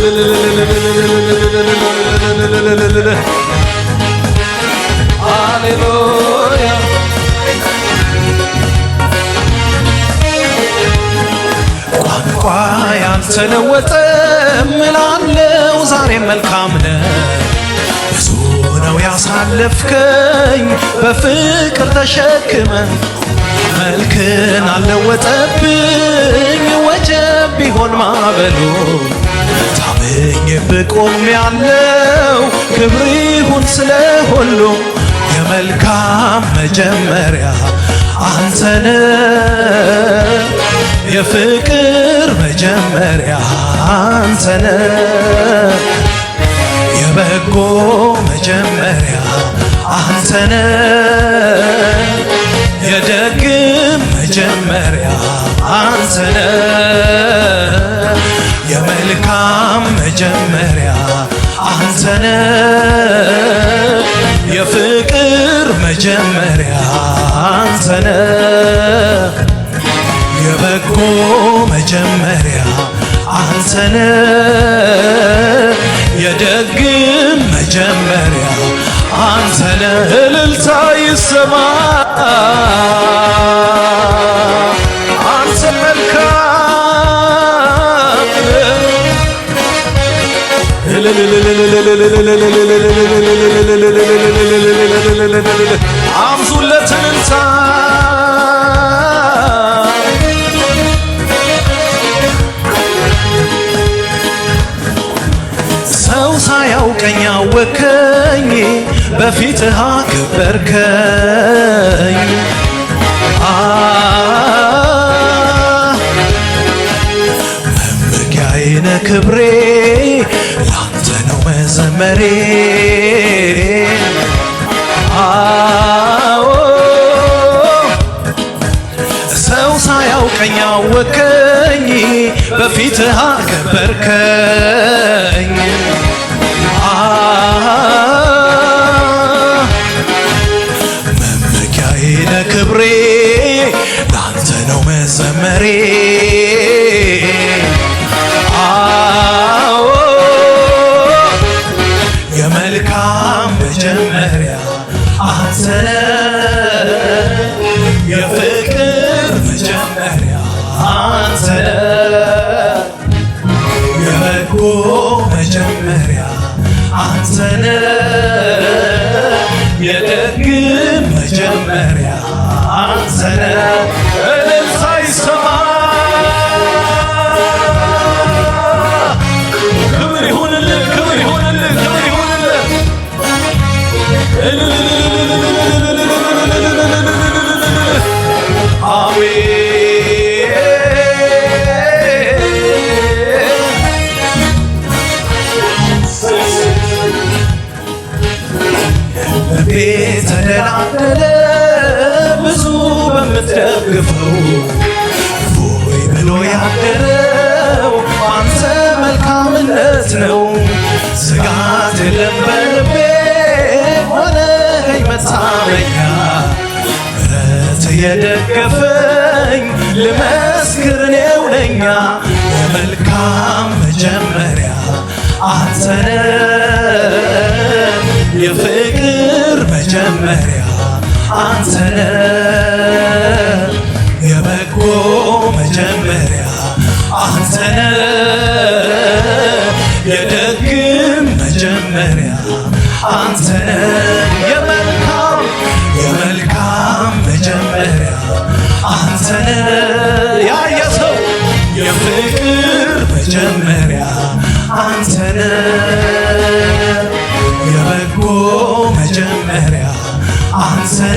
Aleluya. ቋንቋ ያልተለወጠ ምላለው ዛሬ መልካም ነ ብዙ ነው ያሳለፍከኝ በፍቅር ተሸክመ መልክን አልለወጠብኝ ወጀብ ቢሆን ማበሉ ታምኜ ብቆም ያለው ክብር ይሁን ስለ ሁሉ የመልካም መጀመሪያ አንተነ የፍቅር መጀመሪያ አንተነ የበጎ መጀመሪያ አንተነ የደግም መጀመሪያ አንተነ የመልካም መጀመሪያ አንተነ የፍቅር መጀመሪያ አንተነ የበጎ መጀመሪያ አንተነ የደግም መጀመሪያ አንተነ እልልታ ይሰማ አብዙለት እልልታ ሳያውቀኝ አወከኝ፣ በፊትህ አከበርከኝ። መመኪያዬ ነህ ክብሬ መሬት እኮ መጀመሪያ አንተነ የደግ መጀመሪያ አንተነ እውነት ነው። ስጋት የለም በልቤ ሆነኝ መታመኛ ምሕረት የደገፈኝ ልመስክር እኔው ነኛ በመልካም መጀመሪያ አንተነ የፍቅር መጀመሪያ አንተነ የበጎ መጀመሪያ አንተነ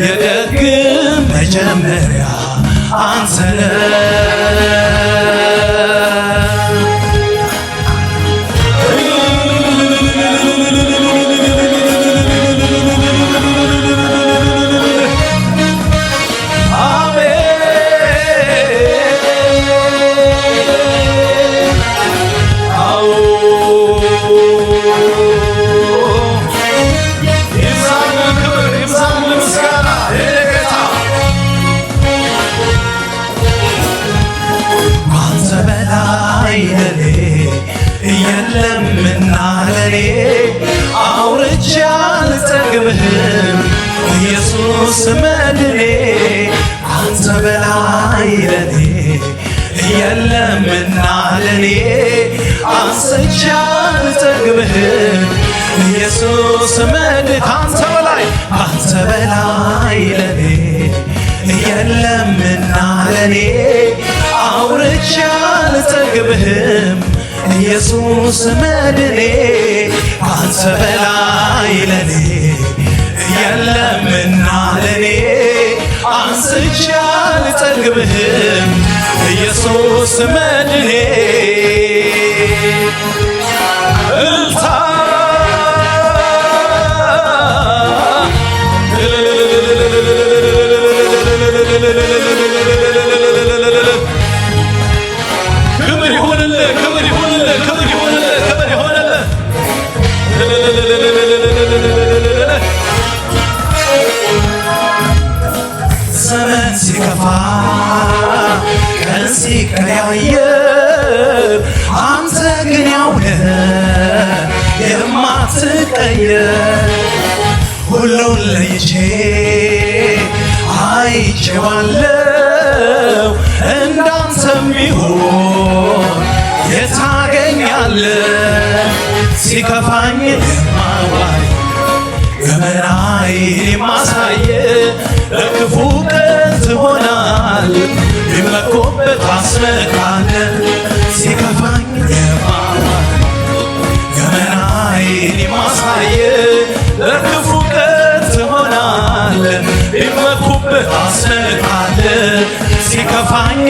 የደግ መጀመሪያ አንተነ እኔ አውርቼ አልጠግብህም ኢየሱስ መድኔ አንተ በላይ ለኔ የለምና ለኔ አንስቼ አልጠግብህም ኢየሱስ መድ አንተ በላይ አንተ በላይ ለኔ የለምና ለኔ አውርቼ ኢየሱስ መድኔ ካንተ በላይ ለኔ የለምና ለኔ አንስቼ አልጠግብህም ኢየሱስ መድኔ ያየ አንተ ግን ያውነ የማትቀየር ሁሉን ለይቼ አይቼዋለሁ እንዳንተ ሚሆን የታገኛለ ሲከፋኝ የማዋይ ገመናይ ትሰካለ ሲከፋኝ ገመናዬን የማሳየ ለክፉ ቀን ትሆናለ የመኩበት አስነካለ ሲከፋኝ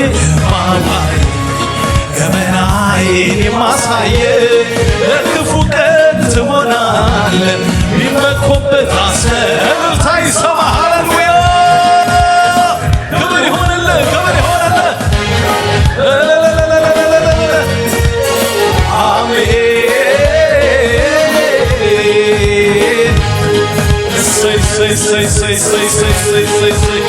slay, slay, slay, slay, slay.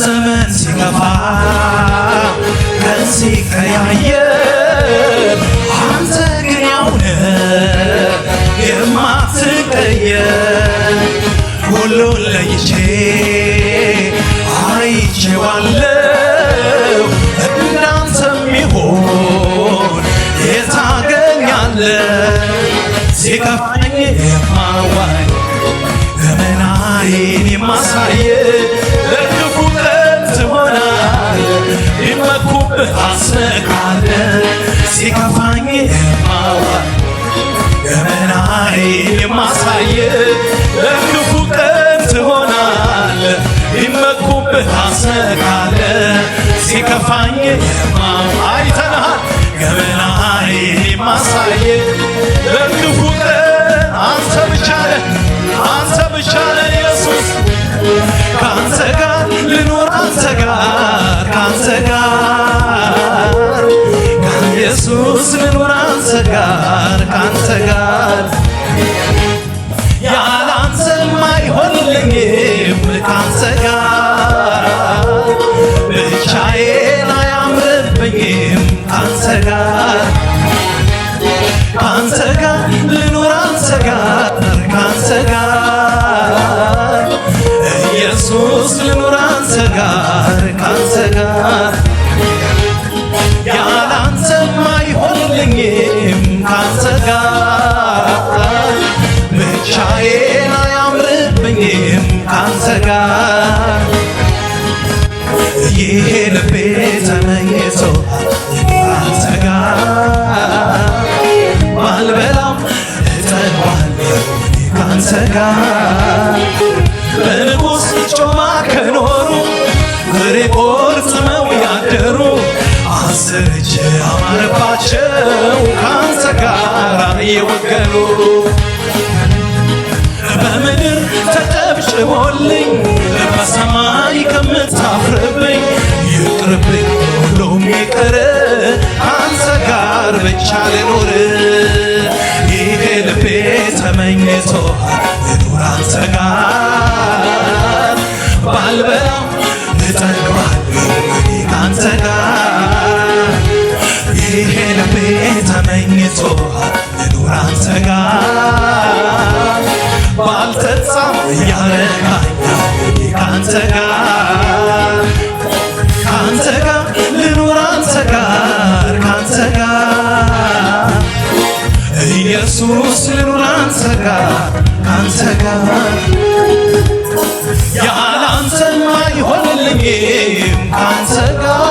ዘመን ሲከፋ ቀን ሲቀያየር አንተ ግን ያውነ የማትቀየር ሁሉን ለይቼ አይቼዋለሁ ሲከፋኝ የማዋይ ገመናዬን የማሳይ ለክፉ ቀን ይመኩብህ አስነ కాంచగా ጋር በንጉሥ ጮማ ከኖሩ ፍሬ ቆርጽመው ያደሩ አስር አማረባቸው ካንተ ጋር የወገኑ በምድር ተጨብጭቦልኝ በሰማይ ከምታፍርብኝ ይቅርብኝ ሁሉም ይቅር ካንተ ጋር ብቻ ልኖር ይሄ ልቤት ተመኝቶ ልኑር አንተ ጋር ባልበላው እጠግባለሁ እኔ ካንተ ጋር ይሄ ልቤ ተመኝቶ ልኑር አንተ ጋር ባልጠጣም እያረካኛው እኔ ካንተ ጋር ካንተ ጋር ልኑር አንተ ጋር ካንተ ጋር ኢየሱስ ጋር ካንተ ጋር ያለ አንተማ አይሆንልኝም ካንተ ጋር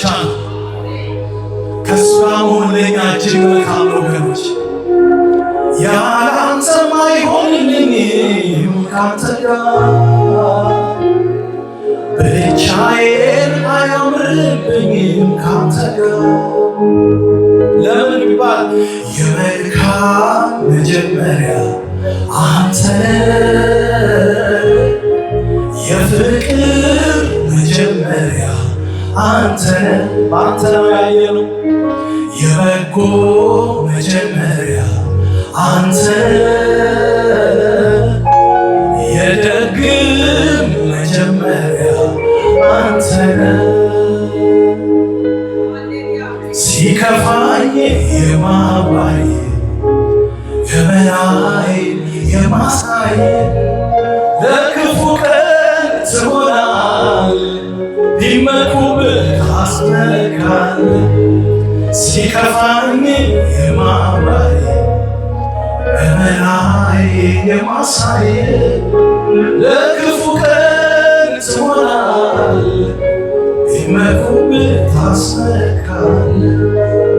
ብቻ ነው። ከእሱ ጋር መሆን ለኛ እጅግ መልካም ነው ወገኖች። ያለ አንተማ አይሆንልኝም ካንተ ጋር ብቻዬን አያምርብኝም ካንተ ጋር ለምን ቢባል የመልካም መጀመሪያ አንተ የፍቅር መጀመሪያ አንተ በአንተ ነው ያየነው የበጎ መጀመሪያ አንተ የደግም መጀመሪያ አንተ ሲከፋኝ የማሳዬ ሲመኩብህ ታስመካለህ ሲከፋኝ የማማይ በመላይ የማሳይ ለክፉ ቀን ትሆናለህ ሲመኩብህ ታስመካለህ